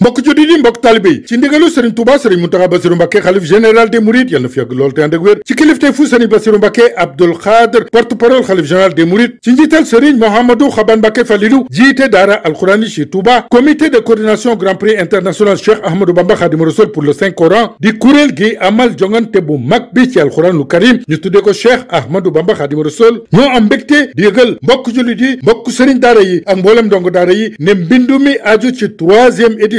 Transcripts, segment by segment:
mbokk judi di mbokk taalibe yi ci ndigalu sëriñ Touba sëriñ Mountakha Bassirou Mbacké xalif général des mourides yal na fi yàgg lool te ànd ak wér ci kilifte fu sëriñ Bassirou Mbacké Abdoul Khadr porte parole xalif général des mourides ci njiital sëriñ Mouhamadou Xaban Mbacké Falilou jiite daara alxuraani ci Touba comité de coordination grand prix international Cheikh Ahmadou Bamba Khadimou Rassoul pour le Saint Coran di kuréel gi amal jongante bu mag bi ci alxuraanul karim ñu tuddee ko Cheikh Ahmadou Bamba Khadimou Rassoul ñoo am mbégte di yëgal mbokk jullit yi yi ak mboolem ndongo daara yi ne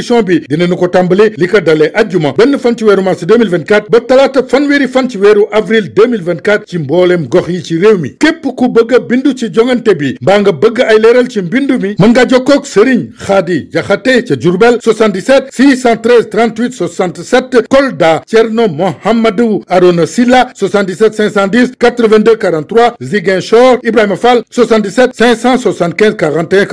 édition bi dinañu ko tàmbale li ko dalee ajjuma benn fan ci weeru mars 2024 ba talaata fanweeri fan ci weeru avril 2024 ci mbooleem gox yi ci réew mi képp ku bëgg a bindu ci jongante bi mbaa nga bëgg ay leeral ci mbindu mi mën ngaa jokkoog Serigne Khady Diakhaté ca Diourbel Kolda Thierno Mohamedou Arona Silla Ziguinchor Ibrahima Fall 77 575 41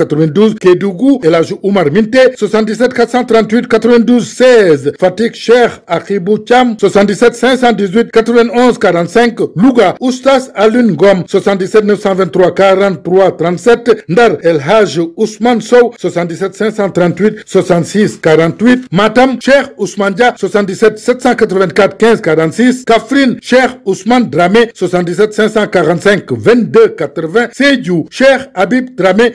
92 238 92 16 Fatick Cheikh Akibou Thiam 77 518 91 45 Louga Oustaz Alioune Ngom 77 923 43 37 Ndar El Hadj Ousmane Sow 77 538 66 48 Matam Cheikh Ousmane Dia 77 784 15 46 Kaffrine Cheikh Ousmane Dramé 77 Habib Dramé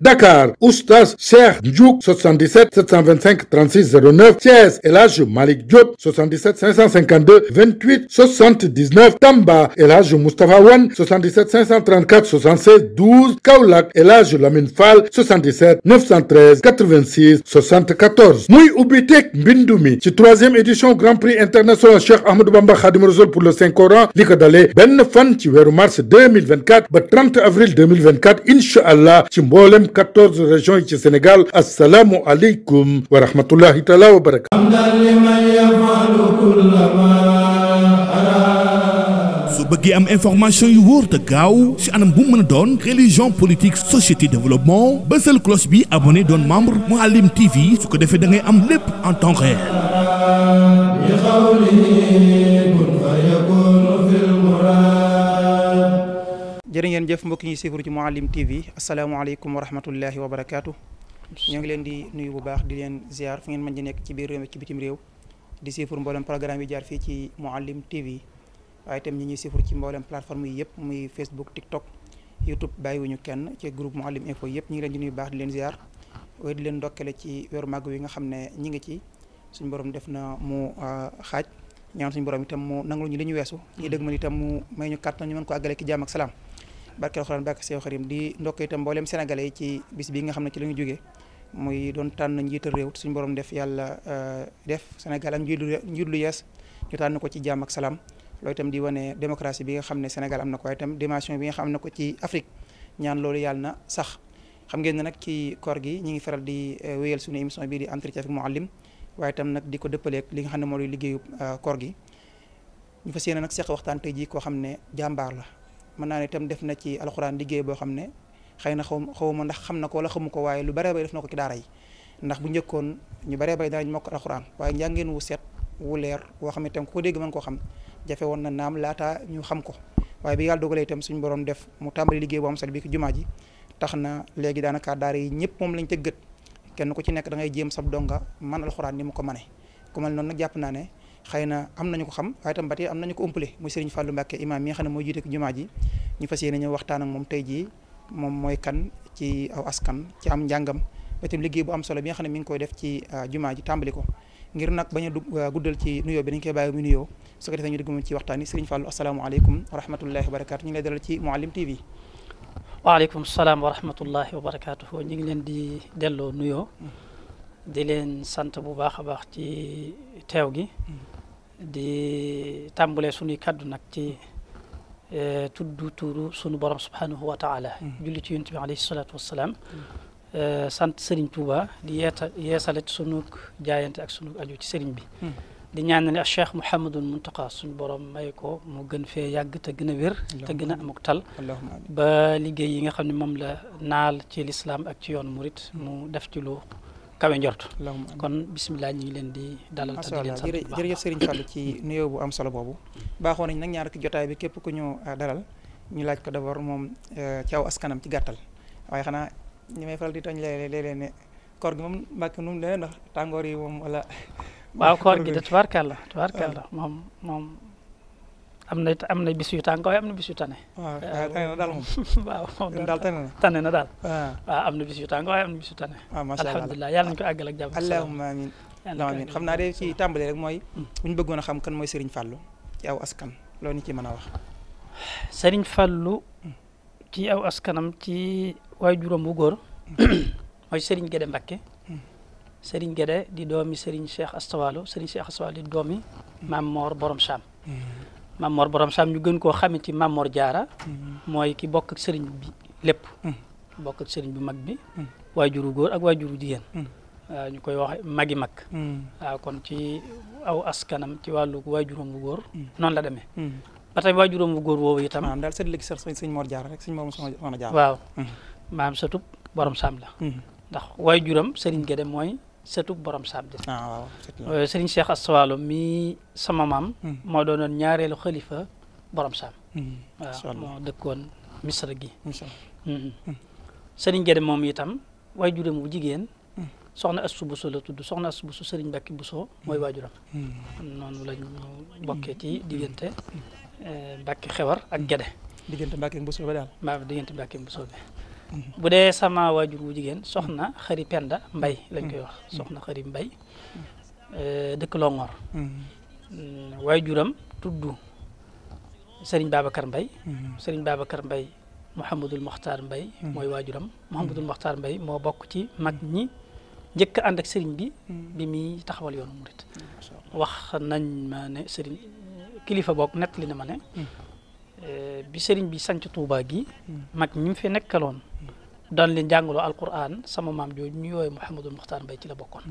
Dakar Oustaz Cher Djouk 77 725 36 09 Thiès El Hadj Malick Diop 77 552 28 79 Tamba El Hadj Moustapha Wane 77 534 76 12 Kaolack El Hadj Lamine Fall 77 913 86 74 muy ubbi teg mbindu mi ci troisième édition Grand Prix international Cheikh Ahmadou Bamba Khadimou Rassoul pour le Saint Coran li ko dalee benn fan ci weeru mars 2024 ba 30 avril 2024 incha allah ci mboolem 14 régions yi ci Sénégal Sénégal assalaamu aleykum wa rahmatullahi taala wa barakaatu su bëggee am information yu wóor te gaaw si anam bu mën a doon religion politique société développement bësal cloche bi abonné doon membre Mouhalim TV su ko defee da ngay am lépp en temps réel. jërë ngeen jëf mbokk ñi siifru ci Mouhalim TV asalaamaaleykum wa rahmatullahi wa barakaatu. ñoo ngi leen di nuyu bu baax di leen ziar fu ngeen mën di nekk ci biir réew mi ci bitim réew di siifur mboolem programme yi jaar fii ci Mouhalim TV waaye itam ñi ñuy siifur ci mboolem plateforme yi yëpp muy Facebook TikTok YouTube bàyyiwuñu kenn ci groupe Mouhalim Info yëpp ñu ngi leen di nuyu bu baax di di leen ndokkale ci weeru màgg wi nga xam ne ñi ngi ci suñu borom def na mu ah, xaaj ñaan suñ borom itam mu nangul ñu li ñu weesu ñuy dëgg man itam mu may ñu kàttan ñu mën ko àggale ki jàmm ak salaam barke alxuraan barke Seex Xarim di ndokk itam mboolem sénégalais yi ci bis bi nga xam ne ci la ñu jógee muy doon tànn njiital réew suñu borom def yàlla euh, def Sénégal ak njiit lu njiit yees ñu tànn ko ci jàmm ak salaam loolu itam di wane démocratie bi nga xam ne Sénégal na ko itam dimension bi nga xam ne ko ci Afrique ñaan loolu yàlla na sax xam ngeen ne nag ci koor gi ñu ngi faral di euh, wéyal suñu émission bii di entretien avec Mouhalim waaye itam nag di ko dëppaleeg li nga xam ne moo di liggéeyu euh, koor gi ñu fas yéene nag seq waxtaan tey jii koo xam ne jàmbaar la mën naa ne itam def na ci alxuraan liggéey boo xam ne xëy na xaw xaw ma ndax xam na ko wala xamu ko waaye lu baree bay def na ko ci daara yi ndax bu njëkkoon ñu bare bay danañ mokk alxuraan waaye njàngeen wu set wu leer woo xam ne itam ku ko dégg koo xam jafe woon na naam laataa ñu xam ko waaye bi yàlla dogalee itam suñu borom def mu tàmbali liggéey bu am solo bi ko jumaa ji tax na léegi daanaka daara yi ñëpp moom lañ tëggat kenn ku ci nekk dangay jéem sab donga man alxuraan ni mu ko mane ku mel noonu nag jàpp naa ne xëy na am nañu ko xam waaye tam ba tey am nañu ko umpale muy Serigne Fallou Mbacké imaam mi nga xam ne mooy jiite ko jumaa ji ñu fas yéene ñëw moom tey jii moom mooy kan ci aw askan ci am njàngam ba tam liggéey bu am solo bi nga xam ne mi ngi koy def ci ah, jumaa ji tàmbali ko ngir nag bañ a ah, guddal ci nuyoo bi dañ koy bàyyi mu nuyoo soo ko defee ñu dugg moom ci waxtaan yi Serigne Fallou asalaamaaleykum wa rahmatullahi wa barakaatu ñu ngi lay dalal ci Mouhalim TV waaleykum salaam wa rahmatullahi wa barakaatu ñu ngi leen di delloo nuyoo mm. di leen sant bu baax a baax ci teew gi mm. di tàmbalee sunuy kaddu nag ci e, tuddu tuuru sunu borom subhanahu wa taala mm-hmm. julli ci yonent bi alayhi salaatu wassalaam e, sant Serigne Touba di yeeta yeesalat sunug jaayante ak sunug aju ci Serigne bi mm-hmm. di ñaanale ak Cheikh Mouhamadul Muntaqa suñu borom may ko mu gën fee yàgg te gën a wér te gën a amuk tal ba liggéey yi nga xam ne moom la naal ci lislaam ak ci yoon murit mu def ci lu kawe njort kon bisimilah ñu ngi leen di dalal ta di leen sant jërëjëf Serigne Fall ci nuyoo bu am solo boobu baaxoo nañ nag ñaar ki jotaay bi képp ku ñu ah, dalal ñu laaj ko d'abord moom eh, ci aw askanam ci gàttal waaye xanaa ñi may faral di tooñ léeg-léeg ne koor gi moom mbàkk nu mu leen ndax tàngoor yi moom wala waaw koor gi de tubaarkàlla tubaarkàlla ah. moom moom am na am na bis yu tàng am na bis yu tane. waaw tane na daal moom. waaw daal tane na tane na daal. waaw am na bis yu tàng waaye am na bis yu tane. waaw macha allah alhamdulilah yàlla nañu ko àggal ak jàmm. allahumma amiin amiin xam naa de ci tàmbali rek mooy. Mm. bu ñu bëggoon a xam kan mooy Serigne Fallou ci aw askan lool ñu ci mën a wax. Serigne Fallou mm. ci aw askanam ci waay juróom bu góor mm. mooy Serigne Guédé Mbacké. Serigne Guédé di doomi Serigne Cheikh Astawalu Serigne Cheikh Astawalu di doomi Maam Mor Borom Mamor borom Sam ñu gën koo xamee ci Mamor Jaara mm-hmm. mooy ki bokk sëriñ bi lépp mm-hmm. bokk sëriñ bu mag bi mm-hmm. waajuru góor ak waajuru jigéen waaw ñu koy wax magi mag waaw kon ci aw askanam ci wàllu waajuram bu góor noonu la demee ba tey waajuram bu góor woowu itam maanaam daal sët la ci sëñ moor Jaara rek sëñ Mor Soxna Jaara waaw maam satub borom Sam la ndax waajuram sëriñ Gédé mooy sëtu borom Saabdi. ah waaw sëriñ euh, Cheikh Asta mii sama maam. Hmm. moo doonoon ñaareelu xalifa borom saam. Hmm. waaw moo dëkkoon misra gi. sëriñ hmm, Gédé moom itam waajuram bu jigéen. soxna Astu Buso la tudd soxna Astu Buso sëriñ Mbàkke Buso mooy waajuram. noonu lañ bokkee ci diggante euh, Mbàkke xewar ak Gédé. diggante Mbàkke Buso bi daal. waaw diggante Mbàkke Buso bi. bu dee sama waajur wu jigéen soxna xëri penda mbay lañ koy wax mm-hmm. soxna xëri mbay mm-hmm. euh, dëkk Longor mm-hmm. waajuram tudd sëriñ Babacar Mbay sëriñ Babacar Mbay Mouhamadul Mokhtar Mbay mooy waajuram Mouhamadul Mokhtar Mbay moo bokk ci mag ñi njëkk ànd ak sëriñ bi bi muy taxawal yoonu murit wax nañ ma ne sëriñ kilifa bokk nettali na ma ne bi sëriñ bi sanc Touba gi mag ñi mu fi nekkaloon daan leen jàngaloo alquran sama maam jooju ñu yooyu Mouhamadou Mokhtar Mbaye ci la bokkoon.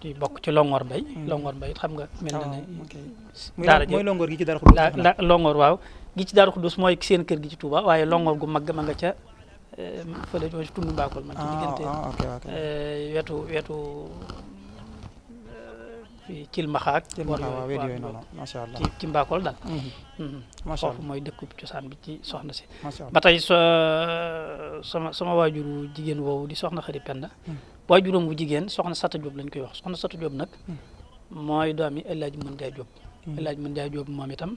ci mm, bokk ci Longor Mbaye. Mm. Longor Mbaye xam nga. mel na ne ah, daara mooy Longor gi ci Darou Khoudoss. la Longor waaw gi ci Darou Khoudoss mooy seen kër gi ci Touba waaye Longor gu mag ma nga ca eh, fële jooju tund Mbakol man. ci ah, diggante ah, eh, wetu cilmaxaak macha allah ci mbaakool daal mhm. Mhm. foofu mooy dëkkub cosaan bi ci soxna si ba tey so sama sama waajuru jigéen woowu di soxna xari penda mhm. waajuram wu jigéen soxna sata Jóob lañ koy wax soxna sata Jóob nag mooy doomi El Hadj Mën Njaay Jóob El Hadj Mën Njaay Jóob moom itam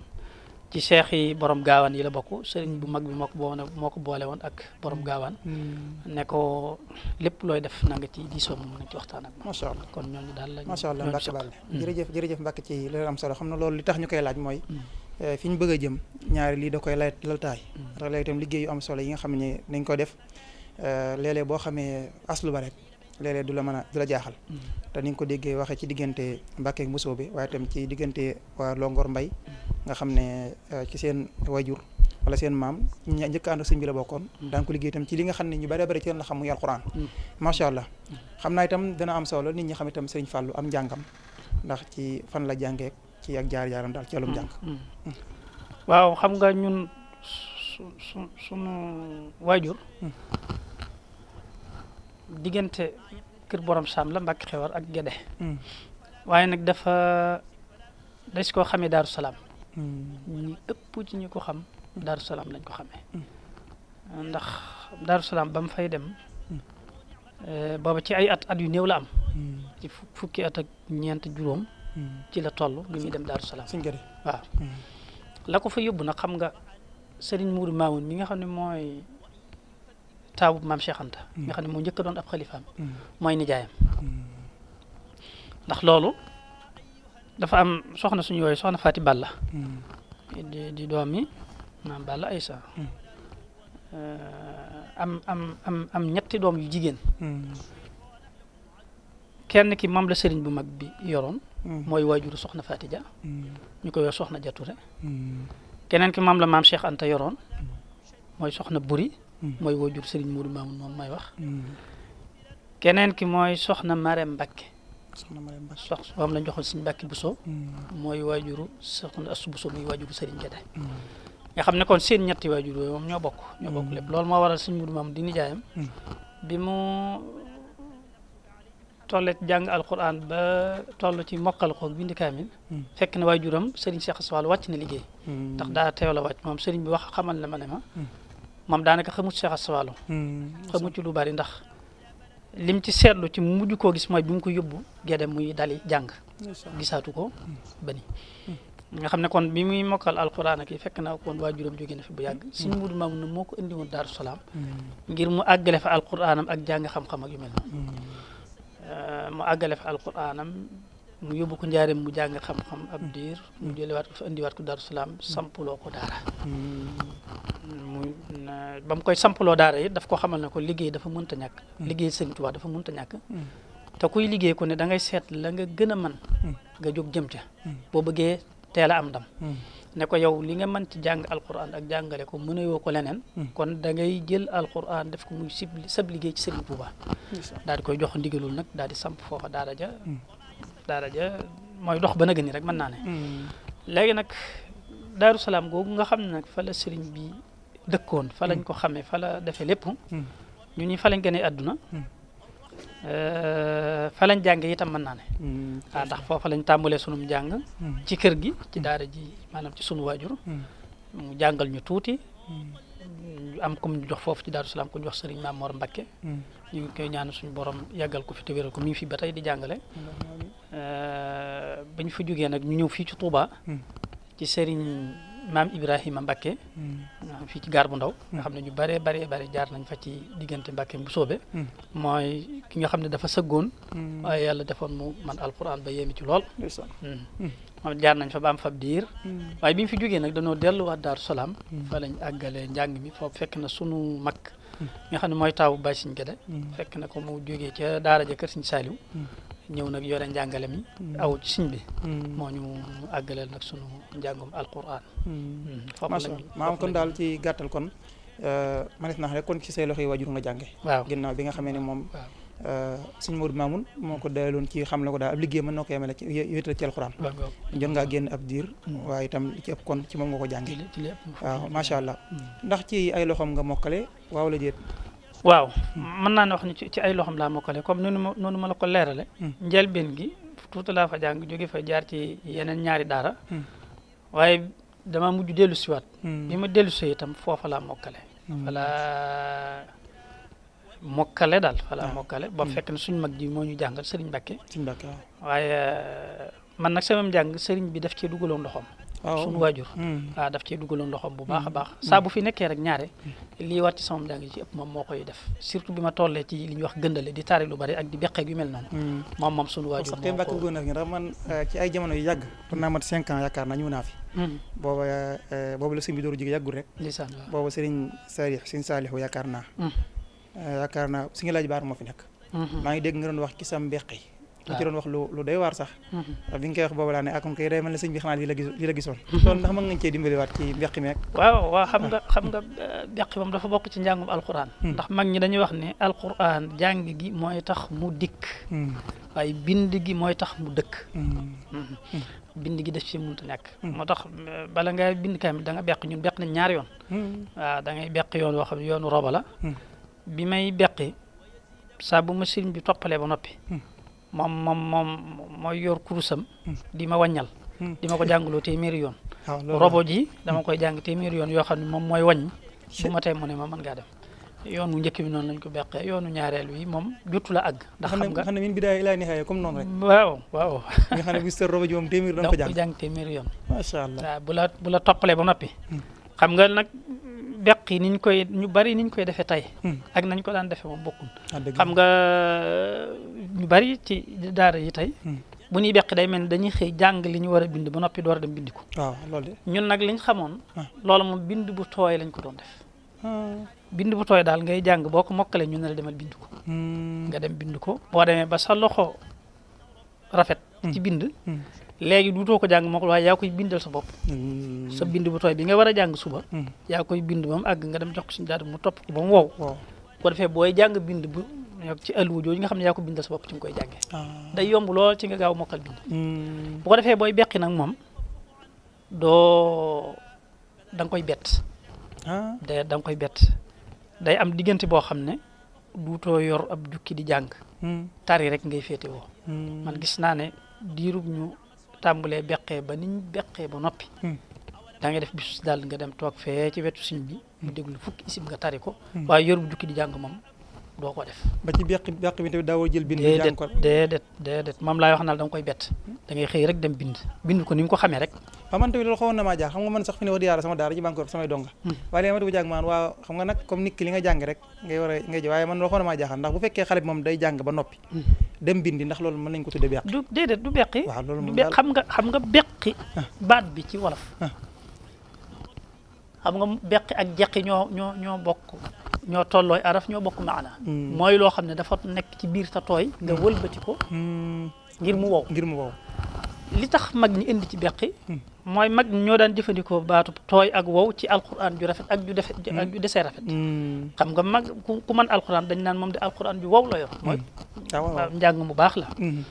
ci cheikh yi borom gaawaan yi la bokk sëriñ bu mag bi moo ko boole moo ko boole woon ak borom gaawaan hmm. ne ko lépp looy def na nga ci diisoo moom nañ ci waxtaan ak macha allah kon ñooñu daal la macha allah Mbacke Balla hmm. jërëjëf jërëjëf Mbacke ci loolu am solo xam na loolu li tax ñu koy laaj mooy hmm. eh, fi ñu bëgg a jëm ñaari lii da koy lay laltaay rek lay itam liggéey am solo yi nga xam ne nañ ko def eh, léeg boo xamee aslu ba rek léeg-léeg du la mën du la jaaxal mm. te ni ko déggee waxee ci diggante Mbàkke ak Mbusoobe waaye tam ci diggante waa Longor Mbay mm. nga xam ne euh, ci seen wayjur wala seen maam ña njëkk ànd ak sëñ bi la bokkoon mm. daan ko liggéey ci li nga xam ne ñu bari bari ci leen la xam muy alxuraan macha allah xam naa itam dana am solo nit ñi xam itam sëriñ Fàllu am njàngam ndax ci fan la jàngee ci ak jaar jaaram daal ci wàllum jàng waaw xam nga ñun su waajur diggante kër borom saam la Mbàkke Xewar ak Gédé hmm. waaye nag dafa des koo xamee Daaru Salaam hmm. ñi ëpp ci ñu ko xam hmm. Daaru Salaam lañ ko xamee ndax Daaru Salaam ba mu fay dem eh, booba ci ay at at yu néew la am ci fukki at ak ñeent juróom ci la toll bi muy dem Daaru Salaam waaw la ko fa yóbbu nag xam nga Serigne Mourou Mamoun mi nga xam ne mooy taawu maam Cheikh Anta. Mm. nga xam ne moo njëkk doon ab xalifaam. Mm. mooy mm. loolu dafa am soxna suñu yooyu soxna Faati Balla. di di doom yi maam Balla ay euh, am am ñetti doom yu jigéen. kenn ki moom la sëriñ bu mag bi yoroon. mooy waajuru soxna Faati Ja ñu koy wax soxna Jature. keneen ki moom la maam Cheikh Anta yoroon mooy soxna Buri. mooy wajur Serigne Modou Mamoun moom may wax. Hmm. keneen ki mooy Soxna Marème Mbacke. Soxna Marème Mbacke sox moom lañ joxoon Serigne Mbacke Bousso. Hmm. mooy wajuru Soxna Assou Bousso muy wajuru Serigne Diatta. Hmm. nga xam ne kon seen ñetti wajur yooyu moom ñoo bokk. ñoo bokk lépp loolu moo waral Serigne Modou Mamoun di nijaayam. bi mu tolle jàng alquran ba toll ci mokkal ko bindi kaamil fekk na waajuram sëriñ Cheikh Aswal wàcc na liggéey ndax daa teew la wàcc moom sëriñ bi wax xamal na ma ma moom daanaka xamut Cheikh Asta Walo hmm. xamut ci lu bari ndax lim ci seetlu ci mujj koo gis mooy bi mu ko yóbbu gedde muy dali jàng gisaatu ko hmm. bani hmm. nga xam ne kon bii muy mokkal alquran ak yi fekk naa kon waajuram jóge na fi bu yàgg suñ mudu maamu na moo ko indi woon daaru salaam ngir mu àggale fa alquranam ak jàng xam ak yu mel noonu euh, mu àggale fa mu yóbbu ko njaareem mu jàng xam-xam ab diir mu jëlewaat ko fa indiwaat ko daaru salaam sampuloo ko daara mu ba mu koy sampaloo daara yi daf ko xamal na ko liggéey dafa mënta ñàkk mm. liggéey sëñ Tuubaa dafa ta ñàkk mm. te kuy liggéey ku ne da ngay seet la nga gën a mën mm. nga jóg jëm ca boo bëggee teel am ndam ne ko yow li nga mën ci jàng alquran ak jàngale ko mën a yoo ko leneen kon da ngay jël alquran def ko muy sib sab liggéey ci sëñ Tuubaa daal koy jox ndigalul nag daal di samp foofa daara ja daara ja mooy dox ba nag ni rek mën naa ne léegi nag daaru salaam googu nga xam nag fa la sëriñ bi dëkkoon fa lañ mm. ko xamee fa la defee lépp. Mm. ñu ñi fa lañ gënee àdduna. Mm. Euh, fa lañ jàng itam mën naa ne. waaw ah, ndax foofa lañ tàmbalee sunum jàng. ci kër gi ci daara ji maanaam ci sunu waajur. mu jàngal ñu tuuti. am ku mu jox foofu ci Daaru Salaam ku jox Serigne Maam Mor Mbakke. ñu ngi koy ñaan suñu borom yàggal ko fi te wéral ko mi ngi fi ba tey di jàngale. Euh, bañ fa jógee nag ñu ñëw fii ci Touba. ci Serigne. maam Ibrahima Mbakke. Hmm. fii ci gaar bu ndaw. nga hmm. xam ne ñu bëree bëree bëri jaar nañ fa ci diggante Mbakke bu soobe. Hmm. mooy ki nga xam ne dafa sëggoon. waaye yàlla defoon mu man alquran ba yéemi ci lool. moom jaar nañ fa ba am fab diir. waaye bi fi jógee nag dañoo delluwaat Daaru Salaam. fa lañ àggalee njàng mi foofu fekk na sunu mag. nga xam ne mooy taawu Baye Siñ Gede. fekk na ko mu jógee ca Daara ja Kër Siñ Saaliw. ñëw nag yore njàngale mi mm. aw ci siñ bi mm. moo ñu àggaleel nag sunu njàngum alquran mm. foofu maam kon daal ci gàttal kon euh, manes nax rek kon ci say loxo yi waajur nga jànge waaw ginnaaw bi nga xamee ne moom euh, sëñ Modou Mamoun moo ko dayaloon ci xam la ko daal liggéey mën na ko yemale ci yéetal ci alxuraan ngaa génn ab diir waaye itam ci kon ci moom nga ko jànge waaw macha allah ndax ci ay loxoom nga mokkale waaw la déet waaw mën naa ne wax ni ci ay loxom laa mokkale comme noonu ma noonu ma la ko leerale hmm. njëlbeen gi tuuti laa fa jàng jóge fa jaar ci yeneen ñaari daara hmm. waaye dama mujj dellu siwaat hmm. bi ma dellu si itam foofa laa mokkale falaa mokkale daal falaa mokkale ba fekk ne suñ mag ji moo ñu jàngal sëriñ Mbàkke waaye man nag sama njàng sëriñ bi daf cee dugaloon loxoom suñu waajur hmm. a ah, daf cee dugaloon loxoom bu baax a hmm. baax saa hmm. bu fi nekkee rek ñaare lii war ci samam daa ngi ci ëpp moo koy def surtout bi ma tollee ci li ñu wax gëndale di taari lu bari ak di beqeeg yu mel noonu moom moom suñu waajur sax te mbàkk góor na fi ndax man euh, ci ay jamono yu yàgg doon naa mat cinq ans yaakaar ñëw naa fi euh, la sëñ bi dooru jóge yàggul rek ndeysaan waaw booba sëriñ Saalix sëriñ Saalixu yaakaar naa euh, yaakaar naa su moo fi maa ngi dégg nga doon wax ci sa mbeq mu ci doon wax lu lu doy waar sax mhm. bi nga koy wax boobu laa ne akom ah, koy day mel ne sëñ bi xanaa li la gis li la gisoon mhm. loolu ndax mën nga cee dimbaliwaat ci mbeqi meek waaw waaw xam nga xam nga eh, mbeqi moom dafa bokk ci njàngum alquran hmm. ndax mag ñi dañuy wax ne alquran jàng gi mooy tax mu dikk hmm. waaye bind gi mooy tax mu dëkk hmm. bind gi def ci mënut a nekk moo tax eh, bala nga bind kaamil danga nga beq ñun beq nañ ñaari yoon waaw da ngay beq yoon woo xam ne yoonu roba la bi may beqi saa bu ma sëriñ bi toppalee ba noppi moom moom moom mooy yor kurusam hmm. di ma wàññal hmm. di ma ko jàngaloo téeméeri yoon ah, robo ji dama ko jàng téeméeri yoon yoo xam ne moom mooy wàññ su ma tey mu ne ma mën ngaa yoon wu njëkk bi noonu lañ ko beqee yoonu ñaareel wi moom jotu la àgg ndax xam nga xam ne min bidaaya ilaa nihaaya comme noonu rek waaw waaw nga xam ne bu sër robo ji moom téeméeri danga ko jàng téeméeri yoon macha allah bu toppalee ba noppi hmm. xam nga nag deq yi niñ koy ñu bari niñ koy defee tey. Hmm. ak nañ ko daan defee ba bokkul. Ah, xam nga euh, ñu bari ci daara yi tey. Hmm. bu ñuy beq day mel ni dañuy xëy jàng li ñu war a bind ba noppi door a dem bind ko. waaw ñun nag liñ xamoon. Ah. loolu moom bind bu tooy lañ ko doon def. Ah. bind bu tooy daal ngay jàng boo ko mokkalee ñu ne la demal bind ko. Hmm. nga dem bind ko boo demee ba sa loxo rafet. ci bind. léegi duutoo ko jàng mokkal waaye yaa koy bindal sa bopp mm. sa bind bu tooy bi nga war a jàng suba mm. yaa koy bind ba mu àgg nga dem jox ko suñu daal mu topp ko ba mu wow ko defee booy jàng bind bu ci alluwa jooju nga xam ne yaa ko bindal sa bopp ci nga koy jàngee ah. day yomb lool ci nga gaaw mokkal bind mm. bu ko defee booy beqi nag moom doo da nga koy bett ah. da nga koy bett day am diggante boo xam ne duutoo yor ab jukki di jàng tari rek ngay féete woo man gis naa ne diirub ñu tàmbulee beqee ba niñ beqee ba noppi hmm. da ngay def bisus daal nga dem toog fee ci wetu sëñ bi mu hmm. déglu fukk isib nga tari ko hmm. waaye yor bu jukki di jàng moom doo ko def. ba ci beq beq bi tamit daawoo jël bind. jàng ko déedéet déedéet moom laay wax naal da nga koy bett. da xëy rek dem bind bind ko ni na maa jaar xam nga man sax fi ne wax di yàlla sama daara ji bànkoor samay donga hmm. waaye ma dugg a ngay ji waaye man loolu hmm. ko tudde beq du du beqi waaw nga xam ah. baat bi wolof ah. xam nga beqi ak jeqi ñoo ñoo bokk ñoo tollooy araf ñoo bokk maana mm. mooy loo xam ne dafa nekk ci biir ta tooy nga mm. wëlbati ko mm. ngir mu wow ngir mu wow li tax mag ñi indi ci beqi mooy mag ñoo daan jëfandikoo baatu tooy ak wow ci alquran ju rafet ak ju defe ak ju desee rafet xam nga mag ku mën alquran dañ naan moom de alquran ju wow la yor mooy njàng mu baax la mm-hmm.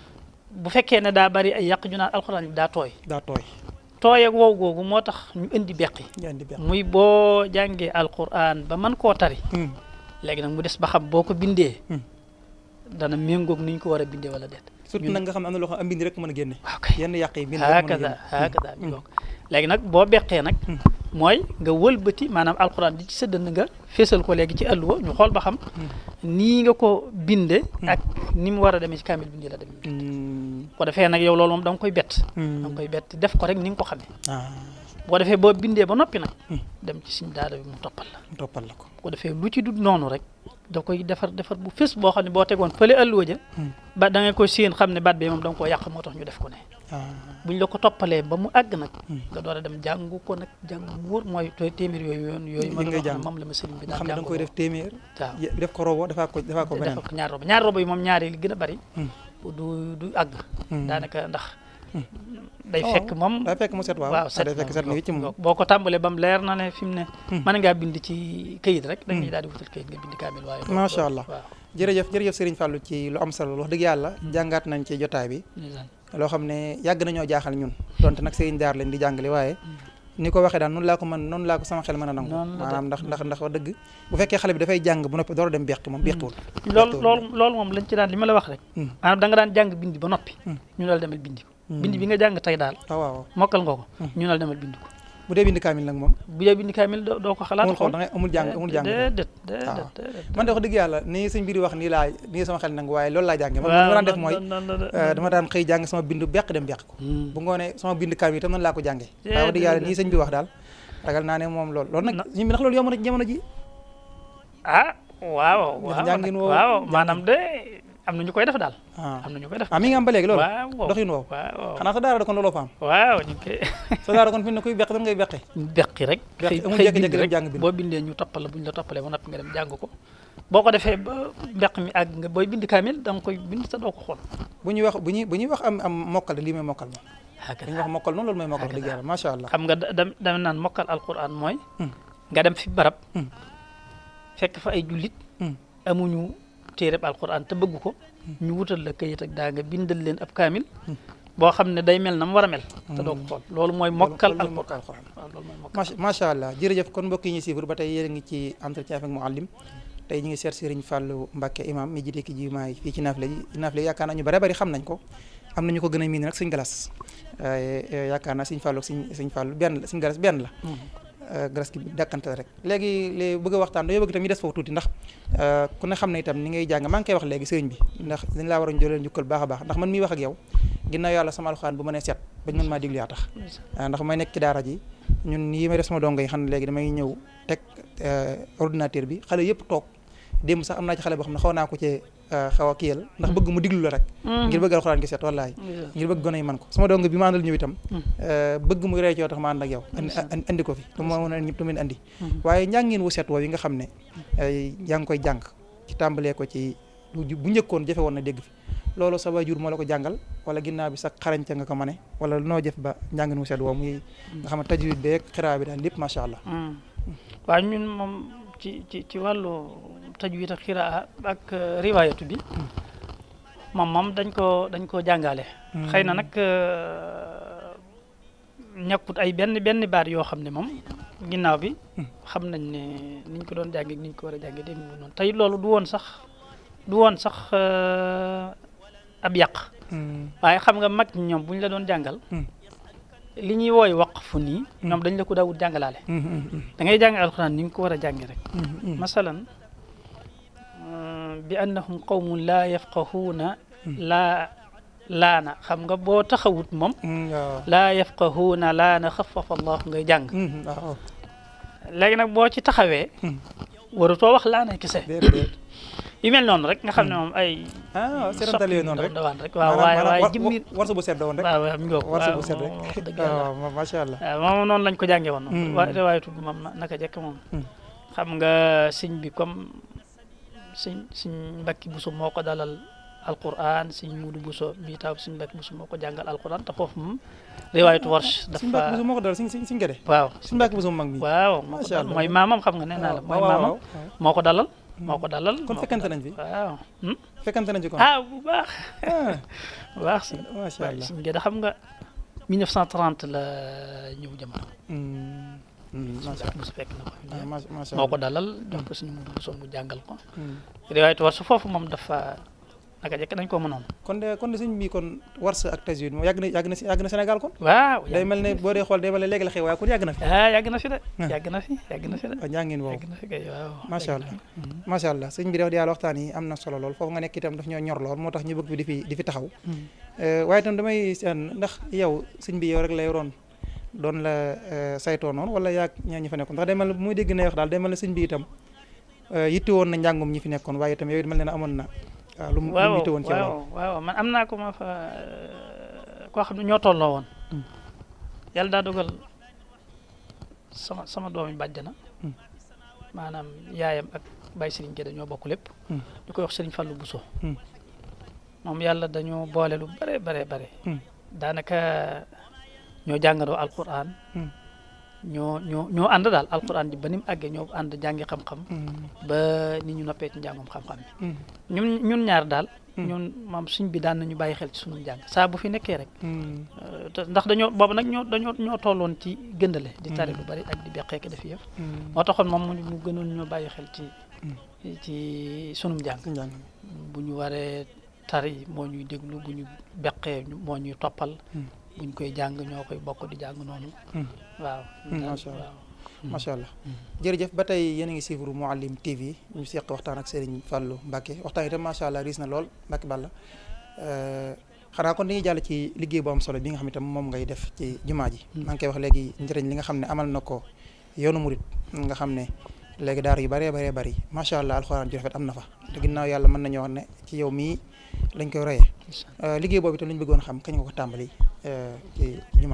bu fekkee ne daa bari ay yàq ñu naan alquran bi daa tooy daa tooy tooy ak wow googu moo tax ñu indi beqi muy boo jàngee alquran ba man koo tari hmm. léegi nag mu des ba xam boo ko bindee hmm. dana méngoog ni ñu ko war a bindee wala déet surtout nag nga xam na am na loo xam am rek mën a génne ah, yenn yàq yi bind rek mën a génne hmm. léegi nag boo beqee nag mooy nga wëlbati maanaam alxuraan di ci sa dënn nga feesal ko léegi ci àlluwa ñu xool ba xam hmm. nii nga ko binde hmm. ak ni mu war a demee ci kaamil bi nii la demee hmm. bu ko defee nag yow loolu moom da nga koy bett da nga bett def ko rek ni nga ko xamee ah. bu ko defee boo bindee ba noppi nag dem ci suñ daara bi mu toppal la mu ko bu ko defee lu ci dul noonu rek da koy defar defar bu fés boo xam ne boo tegoon fële àlluwa ja ba da nga koy séen xam ne baat bi moom da nga koo yàq moo tax ñu def ko ne buñ la ko toppalee ba mu àgg nag hmm. nga door a dem jàngu ko nag jàng wóor mooy téeméer yooyu yoon yooyu ma doon wax moom la ma sëriñ bi daan jàng koy def téeméer def ko robo dafa ko dafa ko beneen dafa ko ñaar robo ñaar robo yi a bari hmm. du du hmm. daanaka ndax day oh, fekk moom day fekk mu set waaw set day fekk set ni ci boo ko tàmbalee ba mu leer na ne fi mu ne mën ngaa bind ci këyit rek da ngay daal di wutal këyit nga bind kaamil waaye macha allah jërëjëf jërëjëf Serigne Fallou ci loo am solo wax dëgg yàlla jàngaat nañ ci jotaay bi loo xam ne yàgg nañoo jaaxal ñun donte nag sëriñ daar leen di jàngale waaye ni ko waxee daal noonu laa ko mën noonu laa ko sama xel mën a nangu maanaam ndax ndax ndax wax dëgg bu fekkee xale bi dafay jàng bu noppi door dem beqi moom beqiwul hmm. loolu lool loolu moom lañ ci daan li ma la wax rek hmm. maanaam da daan jàng bindi ba noppi hmm. ñu dal demal bindi ko bindi bi nga jàng tey daal ah, waaw mokkal nga ko ñu dal demal bindi ko bu dee bind kaamil nag moom bu dee bind kaamil doo ko xalaat xool da ngay amul jàng amul jàng ah. déedéet déedéet man de wax dëgg yàlla ni sëñ biir wax nii laa nii sama xel nag waaye loolu laa jànge man ma daan def mooy euh, dama daan xëy jàng hmm. nii sëñ bi wax daal ragal naa ne moom loolu loolu nag ñu bi ndax loolu yomb na ci jamono am na ñu koy def daal. Ah. am na ñu koy def ah, mi am ba léegi loolu. waaw waaw doxin woowu. waaw xanaa sa daara da kon looloo fa am. koy. sa daara kon fi ne kuy beq doon ngay rek. beqi amul jékki-jékki bi boo bindee ñu toppal la bu la toppalee ba noppi ko. boo ko defee ba mbeq mi àgg nga booy bind kaamil da nga koy sa doo ko bu ñuy wax bu ñuy bu ñuy wax am am mokkal lii may mokkal ma. dañuy wax mokkal noonu loolu mooy mokkal dëgg yàlla macha allah. xam nga dam dama naan mokkal alquran mooy. Hmm. nga dem fi barab. Hmm. fekk fa ay jullit hmm. amuñu téereb alquran te bëgg ko hmm. ñu wutal la kayit ak daa nga bindal leen ab kaamil boo xam ne day mel na mu war mel te doo ko xool hmm. loolu mooy mokkal alquran waaw loolu mooy mokkal macha allah jërëjëf kon mbokk yi ñu siifur ba tey yéen ngi ci entretien avec Mouhalim tey ñu ngi seet Serigne Fallou Mbacké imam mi jiite ki jumaa yi fii ci naafile ji naafile yaakaar naa ñu bare bari xam nañ ko am na ko gën a miin nag Serigne Galas eh, yaakaar naa Serigne Fallou Serigne Fallou benn la Serigne Galas benn la hmm. Euh, graisse bi dàkkantal rek léegi li bëgg a waxtaan dañoo bëgg itam ñu des foofu tuuti ndax euh, ku ne xam ne itam ni ngay jàng maa ngi wax léegi sëriñ bi ndax dañ laa war a njukkal baax a baax ndax man miy wax ak yow ginnaaw yàlla sama alxuraan bu ma nee seet bañ mën maa diglu yaa tax euh, ndax may nekk ci daara ji ñun yi may def sama dongo yi xam ne léegi damay ñëw teg ordinateur bi xale yëpp toog démb sax am naa ci xale boo xam ne xaw ko cee Euh, xaw a kiyal ndax bëgg mu diglu la rek mm-hmm. ngir bëgg alxuraan gi set wallaay ngir bëgg gone yi man ko sama dong bi ma àndal ñëw itam mm-hmm. euh, bëgg mu rey coo tax ma ànd ak yow mm-hmm. andi ko fi du ma mën a ñëpp tamit andi waaye njàngin wu bu njëkkoon jafe woon na dégg fi loolu sa waajur moo la ko jàngal wala ginnaaw bi sa xarañca nga ko mane wala noo jëf ba njàngin wu set woo muy nga xam ne tajwid beeg xiraa bi daal lépp macha allah ci ci ci wàllu tajwid ak xiraa ak euh, riwaayatu bi hmm. moom moom dañ koo dañ koo jàngale hmm. xëy na nag euh, ñàkkut ay benn benn baat yoo xam ne moom ginnaaw bi hmm. xam nañ ne niñ ko doon jànge niñ ko war a jànge dégg nga noonu tey loolu du woon sax du woon sax euh, ab yàq waaye xam nga mag ñoom buñ la doon jàngal li ñuy wooy waqfu nii mm-hmm. ñoom dañ la ko daawut jàngalaale mm-hmm. da ngay jàng alxuraan ni nga ko war a jàngi rek mm-hmm. masalan euh, bi annahum qawmun laa yafqahuuna laa laana xam nga boo taxawut moom mm, laa yafqahuuna laana xafafa allahu ngay jàng léegi nag boo ci taxawee warutoo wax laana kese yu noonu rek nga xam ne hmm. moom ay. ah seetantal noonu rek ndawaan rek waaw bu sedd woon rek waaw waaw mi waaw oh, macha allah moom noonu lañ ko jàngee woon hmm. waaye riwaayatu bi moom naka jekk moom hmm. xam nga siñ bi comme sëñ sëñ Mbàkke Buso moo ko dalal alquran sëñ Muudu Buso bii taw sëñ Mbàkke Buso moo ko al alquran te foofu moom riwaayatu warsh dafa sëñ moo ko dalal sëñ sëñ Gede waaw sëñ Mbàkke Buso mag mi waaw mooy maamam xam nga nee naa la ah, mooy moo ko dalal moo ko dalal. kon fekkante nañ fi waaw. Hmm? fekkante nañ fi kon ah bu baax. Ah. bu baax si macha allah suñu géej nga 1930 la ñëw jamono. Hmm. Hmm, macha allah su ko. Ah, moo ko dalal jox ko suñu mbuusoon mu jàngal ko. war su foofu moom dafa. naka jekk dañ koo mënoon kon de kon de sëñ bi kon warsa ak tajwid moom yàgg na yàgg na yàgg na Sénégal kon waaw day mel ne boo dee xool day mel ne léegi la xew waaye kon yàgg na fi ah, na si de ah. yàgg macha allah mm-hmm. macha allah bi def di yàlla waxtaan yi am na solo lool foofu nga nekk itam daf ñoo ñor lool moo tax ñu bëgg bi di fi di fi taxaw mm-hmm. eh, waaye itam damay seen bi yow rek lay roon doon la eh, saytoo noonu wala yaag ñaa ñi fa nekkoon ndax day mel ne dégg ne wax daal day mel ne sëñ bi itam eh, yitti woon na njàngum ñi fi nekkoon waaye itam yow it mel ne amoon na Ah, waaw mu yite woon ci waaw waaw man am naa ko ma fa euh, koo xam ne ñoo tolloo woon. Mm. daa dogal sama sama doomi bàjjana. Mm. maanaam yaayam ak Baye Serigne Gueye dañoo bokk lépp. ñu mm. koy wax Serigne Fallou Bousso. moom yàlla dañoo boole lu bare bare bare. daanaka ñoo jàngadoo Alquran. ñoo ñoo ñoo ànd daal alxuraan ji ba ni mu àggee ñoo ànd jàngi xam-xam. Mm-hmm. ba ni ñu noppee ci njàngum xam-xam mm-hmm. ñun ñaar daal. Mm-hmm. ñun maam suñ bi daan ñu bàyyi xel ci suñu njàng saa bu fi nekkee rek. Euh, ndax dañoo boobu nag ñoo dañoo ñoo tolloon ci gëndale. di tari lu bari ak di beqeeke def yëf. moo taxoon moom mu gënoon ñoo bàyyi xel ci. ci sunum njàng. Mm, bu ñu waree tari moo ñuy déglu bu ñu beqee moo ñuy toppal. buñ koy jàng ñoo koy bokk di jàng noonu. Hmm. waaw hmm, macha allah hmm. macha allah. jërëjëf ba tey yéen a ngi suivre Mouhalim TV ñu seq waxtaan ak Serigne Fallou Mbacke waxtaan itam macha allah riis na lool Mbacke Balla euh, xanaa kon dañuy jàll ci liggéey bu am solo bi nga xam itam moom ngay def ci jumaa ji. maa ngi koy wax léegi njëriñ li nga xam ne amal na ko yoonu murit nga xam ne. léegi daar yu bëree bëree bëri macha allah alxuraan ju am na fa te ginnaaw yàlla mën nañoo wax ne ci yow mii lañ koy royee euh, liggéey boobu itam lañ bëggoon xam kañ nga ko tàmbali ci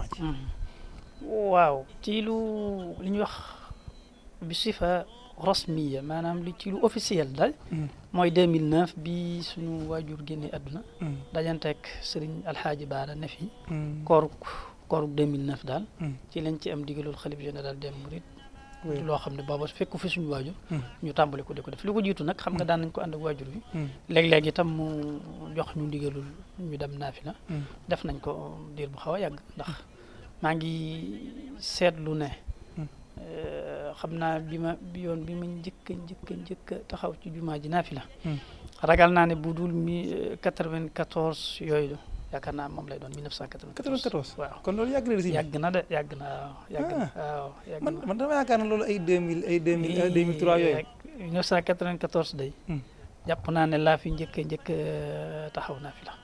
waaw ci lu li ñuy wax bi sifa rasmiya maanaam li ci lu officiel daal mm. mooy 2009 bi suñu waajur génne àdduna mm. dajanteeg Serigne Alxaaji Baara ne fi mm. kooruk kooruk 2009 daal ci lañ ci am digalul xalif général des mourides loo xam ne booba fekku fi suñu waajur hmm. ñu tàmbali ko di ko def li ko jiitu nag xam nga hmm. daan nañ ko ànd ak waajur bi hmm. léeg-léeg tam mu jox ñu ndigalul ñu dem naafila def nañ ko diir bu xaw a yàgg ndax maa ngi seet lu ne euh, xam naa bi ma bi yoon ma njëkk a njëkk njëkk taxaw ci jumaa ji naafila ragal naa ne bu dul mi euh, quatre-vingt-quatorze yooyu yaakaar moom lay doon 1994. loolu yàgg na de yàgg na yàgg na ah. waaw yàgg na man man dama yaakaar loolu ay mille ay 2000 2003 yooyu. 1994 day. Hmm. jàpp naa ne laa fi njëkk njëkk euh, taxaw naa fi ah.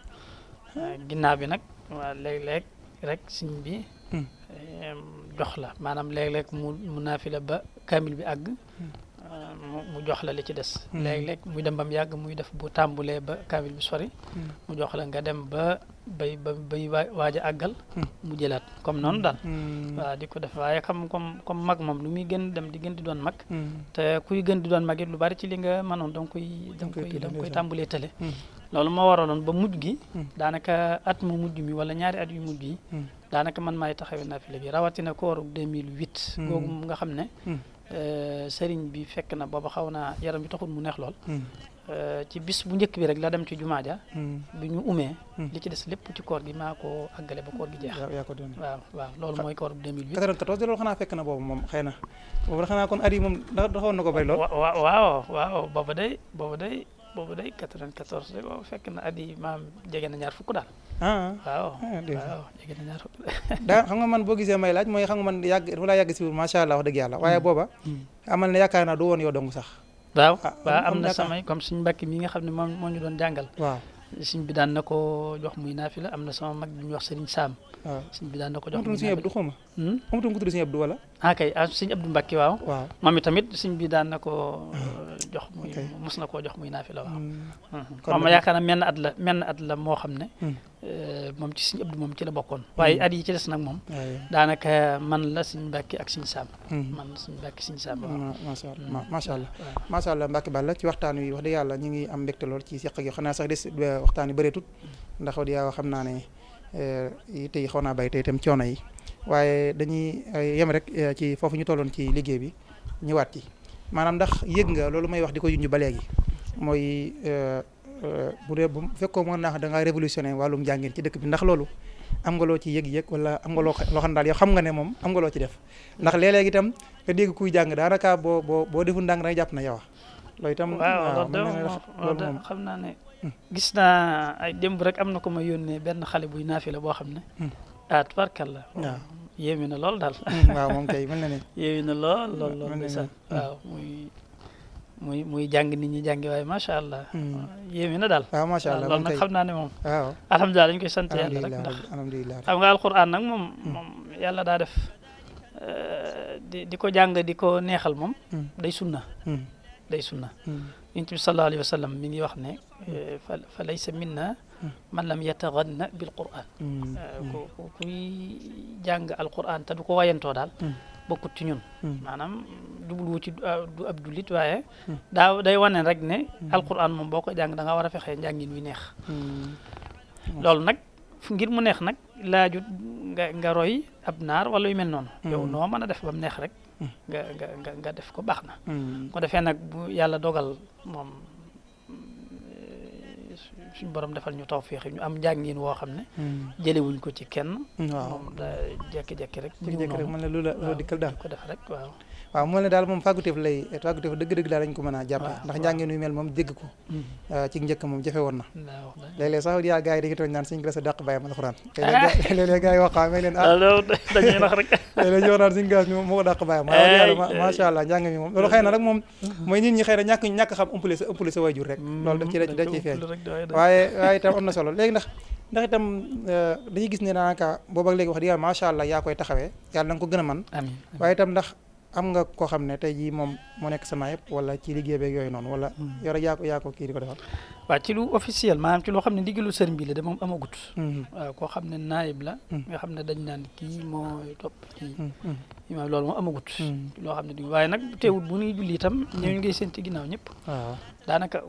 ginnaaw bi nag waa léeg-léeg rek hmm. la maanaam léeg mu mu naafi la ba kaamil bi àgg. Hmm. Euh, mu jox la li ci des. léeg-léeg muy dem ba yàgg muy def bu tàmbulee ba kaamil bi sori. mu jox nga dem ba bay ba bay waaj a àggal hmm. mu jëlaat comme noonu daal hmm. Hmm. waaw di waaye xam comme comme mag moom lu muy gën dem di gën di doon mag te kuy gën di doon mag lu bari ci li nga mënoon da nga koy da nga koy da nga koy tàmbalee tële loolu moo waraloon ba mujj gi daanaka at mu mujj mi wala ñaari at yi mujj yi daanaka man maay taxawee naafila bi rawatina ko kooru 2008 googu nga xam ne euh, sëriñ bi fekk na boobu xaw naa yaram bi taxul mu neex lool Euh, ci bis bu njëkk bi rek la dem ci jumaa ja hmm. bu ñu umee hmm. li ci des lépp ci koor gi maa ko àggale ba koor gi jeex yaa ko doon waaw loolu mooy koor bu 2008 94 de loolu xanaa fekk na boobu moom xëy na boobu xanaa kon at yi moom ndax doxoon na ko bari lool waaw waaw waaw booba day booba day boobu day 94 de boobu fekk na at yi na ñaar fukk ah, ah, na ñaar fukk daa xam nga man boo gisee may laaj mooy xam nga man yàgg dafa laa yàgg si macha allah wax dëgg yàlla waaye hmm. booba amal na yaakaar naa du woon yow dong sax waaw ah, waaw am na samay comme suñ mbàkk mi nga xam ne moom moo ñu doon jàngal. waaw bi daan na ko jox muy naafila am na sama mag bi ñuy wax Serigne Sam. waaw suñ bi daan na ko jox muy naafila amatul Serigne Abdou xaw ma. Hmm? amatul ku tudd Serigne Abdou wala. ah kay ah Serigne suñ bi daan na ko jox muy koo jox muy naafila waaw. Hmm. Hmm, kon moom yaakaar naa menn at la menn at la moo xam ne. Euh, moom ci Serigne Abdou moom ci la bokkoon mm. waaye at yi ci des nag moom daanaka man la Serigne Mbacke ak Serigne Sam mm. man Serigne Mbacke Serigne Sam macha allah mm. macha allah macha allah Mbacke Balla ci waxtaan wi wax dëgg yàlla ñu ngi am mbégte lool ci seq gi xanaa sax des waxtaan yi bëreetut ndax wax dëgg yàlla xam naa ne eh, tey xaw naa bay tey itam coono yi waaye dañuy eh, yem rek eh, ci foofu ñu tolloon ci liggéey bi ñëwaat ci maanaam ndax yëg nga loolu may wax di ko junj ba léegi mooy Euh, bu dee bu fekkoo mën naa da ngaa révolutionné wàllum njàngin ci dëkk bi ndax loolu am nga loo ci yëg-yëg wala am nga loo loo xam daal yow xam nga ne moom am loo ci def ndax léeg-léeg itam nga dégg kuy jàng daanaka boo boo boo deful ndànk danga jàpp na yow loolu itam waaw loolu moom xam naa ne hmm. gis naa ay démb rek am na ko ma yónnee benn xale buy naafi la boo xam ne hmm. ah tubarkalla waaw yéemi na lool daal hmm, waaw moom kay ne muy muy jàng nit ñi jàngi waaye macha allah. Hmm. yéeme na daal. waaw ah, macha allah loolu nag xam naa ne moom. waaw alhamdulilah dañ koy sant yàlla rek ndax. alhamdulilah xam nga alquran nag moom. Hmm. moom yàlla daa def eh, di di ko jàng di ko neexal moom. Hmm. day sunna. day sunna. yonent bi sallallahu alayhi wa sallam mi ngi wax ne. Eh, fa fa laysa minna man lam yataganna bil quran. Eh, ku kuy jàng alquran te du ko wayantoo daal. bokkut ci ñun. Hmm. maanaam jubluwu ci ah, du ab jullit waaye. Hmm. daa day wane rek ne. Hmm. alquran moom boo ko jàng danga nga war a fexe njàngin wi neex. loolu nag ngir mu neex nag laajut nga nga ab naar wala yu mel noonu. yow noo mën a def ba neex rek. nga nga nga def ko baax na. defee nag bu yàlla dogal moom. suñu borom defal ñu tawféex ñu am njàngin woo xam ne. Hmm. jëlewuñ ko ci kenn. Hmm. waaw moom rek. jékki rek man na lu la loo dikkal daal ko def rek waaw. waaw moo ne daal moom fàgguteef lay fàgguteef dëgg-dëgg daal lañ ko mën a ndax njàngeen yu mel moom dégg ko mm-hmm. euh, ci njëkk moom jafe woon na léeg-léeg sax yaa gars yi dañuy tooñ ah, ah. rek léeg-léeg eh, eh. moom loolu xëy na rek moom mm-hmm. mooy nit ñi xëy na ñàkk ñàkk xam ëmpale sa ëmpale sa wayjur rek mm-hmm. loolu daf ci da ciy feeñ waaye itam am na solo léegi ndax ndax itam euh, dañuy gis ne daanaka booba léegi wax di yàlla allah yaa koy taxawe yàlla na nga ko gën a man waaye itam ndax am nga koo xam ne tey jii moom moo nekk sama yëpp wala ci liggéey beeg yooyu noonu wala. Hmm. yore yaa ko yaa ko kii di ko ci lu officiel maanaam ci loo xam ne ndigalu sëriñ bi la de moom amagut. Hmm. waaw koo xam ne naayib la. Hmm. nga xam ne dañ naan kii moo topp kii. imaam loolu moom amagut. loo xam ne du waaye nag teewut bu ñuy julli itam ñooñu ngay seen ci ginnaaw ñëpp. waaw ah. daanaka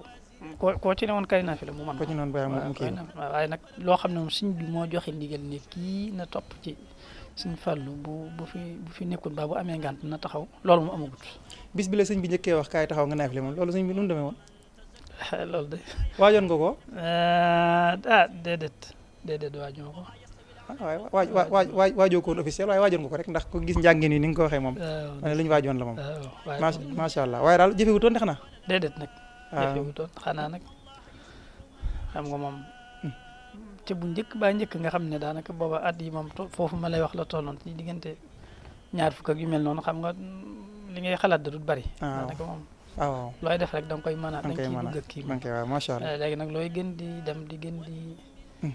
koo koo ci ne woon kay na fi la mu mën. ko ci noonu waaye nag loo xam ne moom sëriñ bi moo joxe ndigal ne kii na topp ci. sëñ Fàllu bu bu fi bu fi nekkul baa bu amee ngànt na taxaw lool moom amagut. bis bi la sëñ bi njëkkee wax kaay taxaw nga naaf li moom loolu sëñ bi nu mu demee woon. de. waajoon nga ko. Euh, ah déedéet déedéet waajoon ko. Ah, waaw waaj waaj waaj waajoo ko woon officiel waaye waajoon nga ko rek ndax ku gis njàngin yi ni nga ko waxee moom. waaw euh, man li ñu waajoon la moom. waaw macha allah waaye daal jëfewutoon ndax na. déedéet nag. waaw ah. jëfewutoon xanaa nag ca bu njëkk baa njëkk nga xam ne daanaka booba at yi moom foofu ma lay wax la tolloon ci diggante ñaar fukk ak yu mel noonu xam nga li ngay xalaat da dut bari ah, daanaka ah, looy def rek da koy mën a da nga ciy dugg kii waaw macha allah léegi nag looy gën di dem di gën di hmm.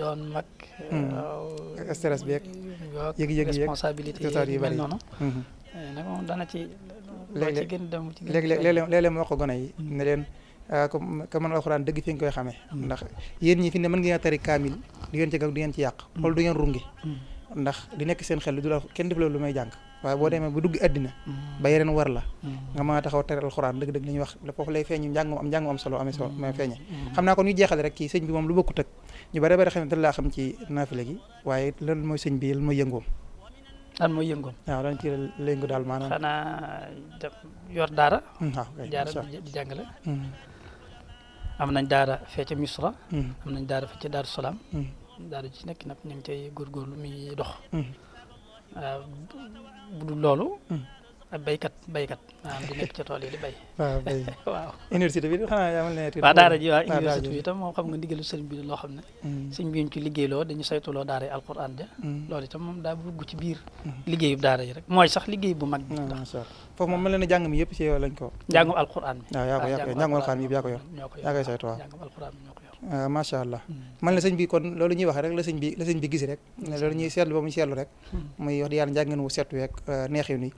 doon mag hmm. euh, stress bi ak yëg-yëg responsabilité yi mel noonu hmm. eh, moom dana ci léeg-léeg léeg-léeg léeg-léeg yi ne leen Euh, comme ka mën alxuraan dëgg fi nga koy xamee mm. ndax yéen ñi fi ne mën ngeen a tari kaamil di ngeen ci gag di ngeen yàq mm. loolu du ngeen rungi mm. ndax di nekk seen xel du la kenn def la lu may jàng waaye boo demee bu dugg àddina ba yeneen war la nga a taxaw tere alxuraan dëgg dëgg li ñuy wax foofu lay feeñu njàngum am njàngum am solo amee solo ma feeñe xam naa kon ñu jeexale rek ci sëñ bi moom lu bokkut ak ñu bare bare xam ne laa xam ci naafile gi waaye lan mooy sëñ bi lan mooy yëngoom lan mooy yëngoom waaw lan ci léngu daal maanaam xanaa yor daara waaw di am nañ daara fee mi Misra. Mm-hmm. am nañ daara fee ca Daaru Salaam. Mm-hmm. daara ci nekk nag ñu ngi cay lu mi dox. Mm-hmm. Ah, bu dul loolu. ab béykat béykat maanaam di nekk ca tool yi di béy. waaw béy waaw. université bi xanaa yaa amal ne. waaw daara ji waaw université bi itam moom xam nga ndigalu sëriñ bi loo xam mm. ñu ci liggéeyloo dañu saytuloo daara yi alquran ja. Mm. loolu itam daa bugg ci biir. Mm. liggéeyub daara yi rek mooy sax liggéey bu mag. ndax foofu moom mel na ne jàng mi yëpp ci yow lañ ko. njàngum alquran bi. waaw yaa ko yaa ko njàngum yaa ko yor. ñoo ko yor yaa koy saytu waaw. njàngum alquran bi ñoo Euh, macha allah hmm. ma la sëñ bi kon loolu ñuy wax rek la sëñ bi la sëñ bi gis rek loolu ñuy seetlu ba mu seetlu rek hmm. muy wax di yàlla njàngeen wu seetlu rek euh, neexew ni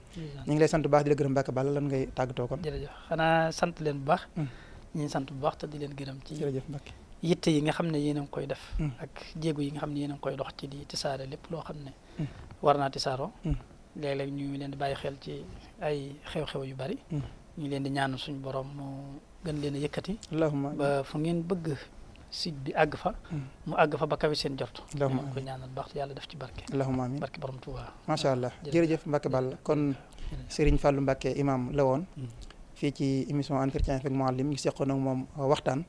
ñu ngi lay sant bu baax di la gërëm Mbàkke Balla lan ngay tàggatoo kon jërëjëf xanaa sant leen bu baax hmm. ñu ngi sant bu baax te di leen gërëm ci jërëjëf Mbàkke yitte yi nga xam ne yéen a ngi koy def ak jéego yi nga xam a ngi di tisaare lépp loo xam ne war naa tisaaroo léeg-léeg ñu leen di bàyyi xel ci ay xew-xew yu bari ñu leen di ñaanal suñu borom mu gën leen a yëkkati ba ngeen bëgg si bi àgg fa hmm. mu àgg fa ba kawe seen jort ñu ko ñaanal baax yàlla def ci barke allahumma amin barke borom Tuuba macha allah jërëjëf Mbacke Balla kon Serigne Fallou Mbacke imam la woon hmm. fii ci émission entretien avec Mouhalim ñu seqoon ak moom euh, waxtaan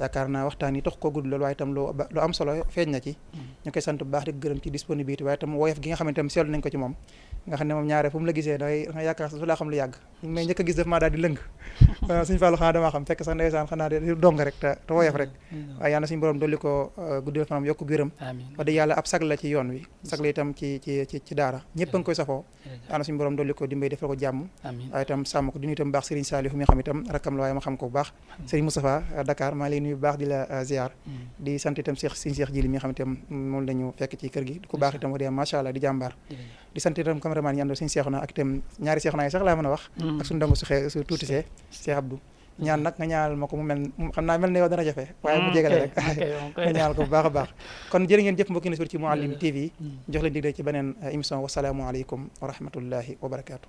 yaakaar naa waxtaan yi tax ko gudd loolu waaye itam lu lu am solo feeñ na ci hmm. ñu koy sant bu baax di gërëm ci disponibilité waaye itam woyof gi nga xam ne seetlu nañ ko ci moom nga xam ne moom ñaare fu mu la gisee dangay dangay yaakaar su laa xam lu yàgg mais njëkk a gis daf maa daal di lëng waaw suñu fàllu xanaa damaa xam fekk sax ndeysaan xanaa di dong rek te te woyof rek mm-hmm. Mm-hmm. waaye yàlla suñu borom dolli ko euh, guddal fanam yokk gërëm wax dëgg yàlla ab sag la ci yoon wi sag la itam ci ci ci ci daara ñëpp a ngi koy safoo yàlla suñu borom dolli ko dimbay defal mi xam itam rakkam la fekk ci kër gi ku baax itam masha Allah di jàmbaar di sant itam cameraman yi ànd suñu seexna ak itam ñaari seexna yi sax laa a wax mm. ak suñu ndongo su xee su tuuti see Cheikh Abdou ñaan nag nga ñaanal ma ko mu mel xam naa mel na yow dana jafe waaye mu mm, jégale rek nga ñaanal ko bu baax a baax kon jërë ngeen jëf mbokki ne sur ci Mouhalim TV jox leen dig ci beneen eh, émission wasalaamualeykum wa rahmatullahi wa barakaatu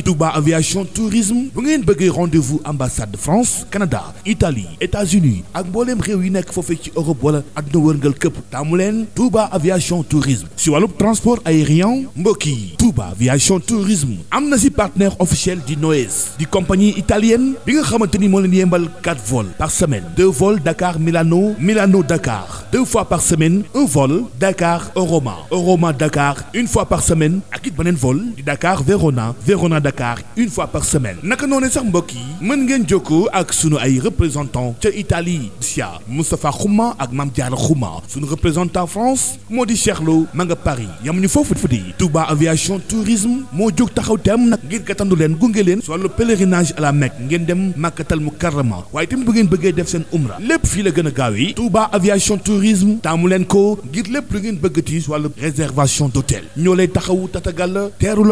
ci Touba aviation tourisme bu ngeen bëggee rendez-vous ambassade de France Canada Italie États-Unis ak mbooleem réew yi nekk foofee ci Europe wala àdduna wërngal këpp taamu leen Touba aviation tourisme si wàllub transport aérien mbokk yi Touba aviation tourisme am na si partenaire officiel di Noes di compagnie italienne bi nga xamante ni moo leen yembal quatre vols par semaine deux vols Dakar Milano Milano Dakar deux fois par semaine un vol Dakar Roma Roma Dakar une fois par semaine Dakar une fois par semaine naka noonu sax mbokk yi mën ngeen jokkoo ak sunu ay représentant ca Italie sia Moustapha Xuma ak Mame Diarra Xuma sunu représentant France moo di Cheikh Lo ma nga Paris yam ñu foofu fu di Touba aviation tourisme moo jóg taxaw teem nag ngir gàttandu leen gunge leen wàllu pèlerinage à la Mecque ngeen dem Makkatal Mukarrama waaye tamit bu ngeen bëggee def seen umra lépp fii la gën a gaawee Touba aviation tourisme taamu leen ko ngir lépp lu ngeen bëggati wàllu réservation d'hôtel ñoo lay taxawu tatagal la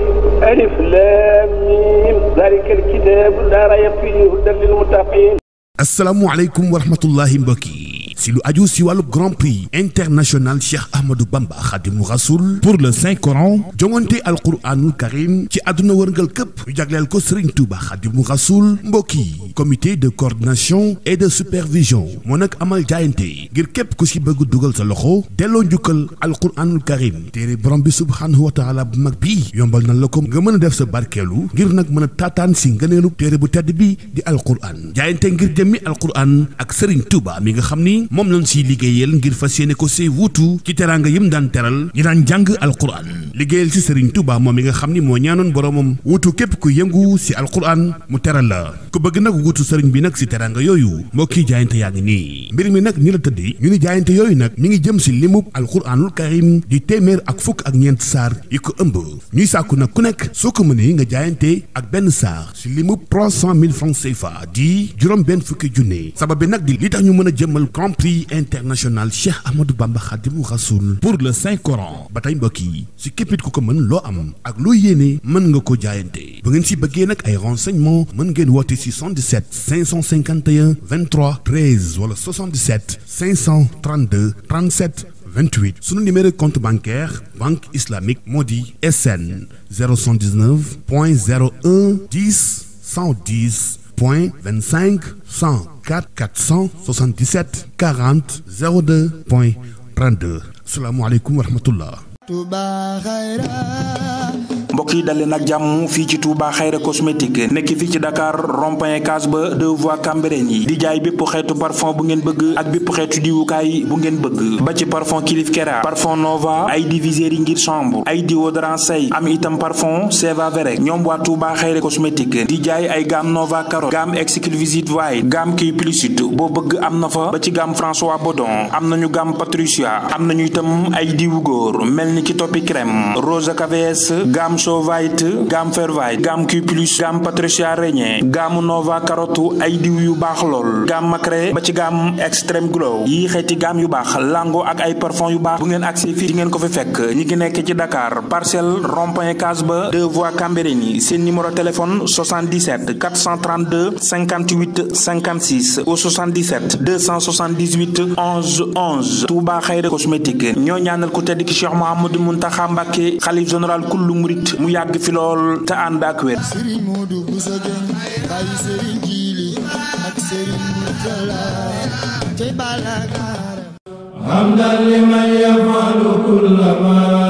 alif laam miim zalikal kitaabu laa rayba fiihi hudan lil muttaqiin assalaamu aleykum wa rahmatullaahi mbokk yi yi si lu aju si wàllu grand prix international Cheikh Ahmadou Bamba Khadimou Rassoul pour le Saint Coran jongante alquranul karim ci àdduna wërngal këpp ñu jagleel ko Serigne Touba Khadimou Rassoul mbokk yi comité de coordination et de supervision moo nag amal jaayante ngir képp ku si bëgg dugal sa loxo delloo njukkal alquranul karim téere borom bi subhaanahu wa taala bu mag bi yombal na la ko nga mën a def sa barkeelu ngir nag mën a taataan si ngeneenu téere bu tedd bi di alquran jaayante ngir jëmmi alquran ak Serigne Touba ni moom lañ siy liggéeyal ngir fas yéene ko see wuutu ci teraanga yim daan teral ñi daan jàng alquran liggéeyal si Serigne Touba moom yi nga xam ni moo ñaanoon boromam wuutu képp ku yëngu si alquran mu teral la ku bëgg nag wutu Serigne bi nag si teraanga yooyu moo kii jaayante yaa ngi nii mbir mi nag ni la tëddee ñu ni jaayante yooyu nag mi ngi jëm si limub alquranul karim di téeméer ak fukk ak ñeent saar yi ko ëmb ñuy sàkku nag ku nekk soo ko mënee nga jaayante ak benn saar si limub 300 000 francs CFA di juróom benn fukki junne sabab bi nag di li Grand Prix international Cheikh Ahmadou Bamba Khadimou Rassoul pour le Saint-Coran ba tey mbokk yi si képpit ku ko mën loo am ak loo yéene mën nga ko jaayante bu ngeen si bëggee nag ay renseignements mën ngeen woote si 77 551 23 13 wala 77 532 37 28 sunu numéro compte bancaire banque islamique moo di SN 079 point 01 10 110 point 25 104 477 40 02 point 32 salaamaaleykum wa rahmatullah mbokk yi dalee nag jàmm fii ci Touba Xayra cosmétique nekk fii ci Dakar rond-point case ba deux voies Cambérène yi di jaay bépp xeetu parfum bu ngeen bëgg ak bépp xeetu diwukaay bu ngeen bëgg ba ci parfum Kilif Kera parfum Nova ay diviseurs yi ngir chambre ay déodorant say am itam parfum Seva Verek ñoom waa Touba Xayra cosmétique di jaay ay gamme Nova Carotte gamme Exclusive White gamme Kii Plusite boo bëgg am na fa ba ci gamme François Bodon am nañu gamme Patricia am nañu itam ay diwu góor mel ni ki toppi Sansovite gamme Fervite gamme Q plus gamme Patricia Regnier gamme Nova Carotu ay diw yu baax lool gamme Macré ba ci gamme Extreme Glow yii xeeti gamme yu baax lango ak ay parfum yu baax bu ngeen agsi fii di ngeen ko fi fekk ñi ngi nekk ci Dakar parcelle rond-point case ba deux voies Cambérène yi seen numéro téléphone 77 432 58 56 au 77 278 11 11 Touba Xayra cosmétique ñoo ñaanal ku tedd ki Cheikh Mouhamadou Mountakha Mbacké xalif général kullu murit mu yàgg fi lool te ànd ak wér. Serigne Modou Bousso Dieng bàyyi Serigne Jili ak Serigne Moutala tey balagaara. hamdan liman yafalu kullama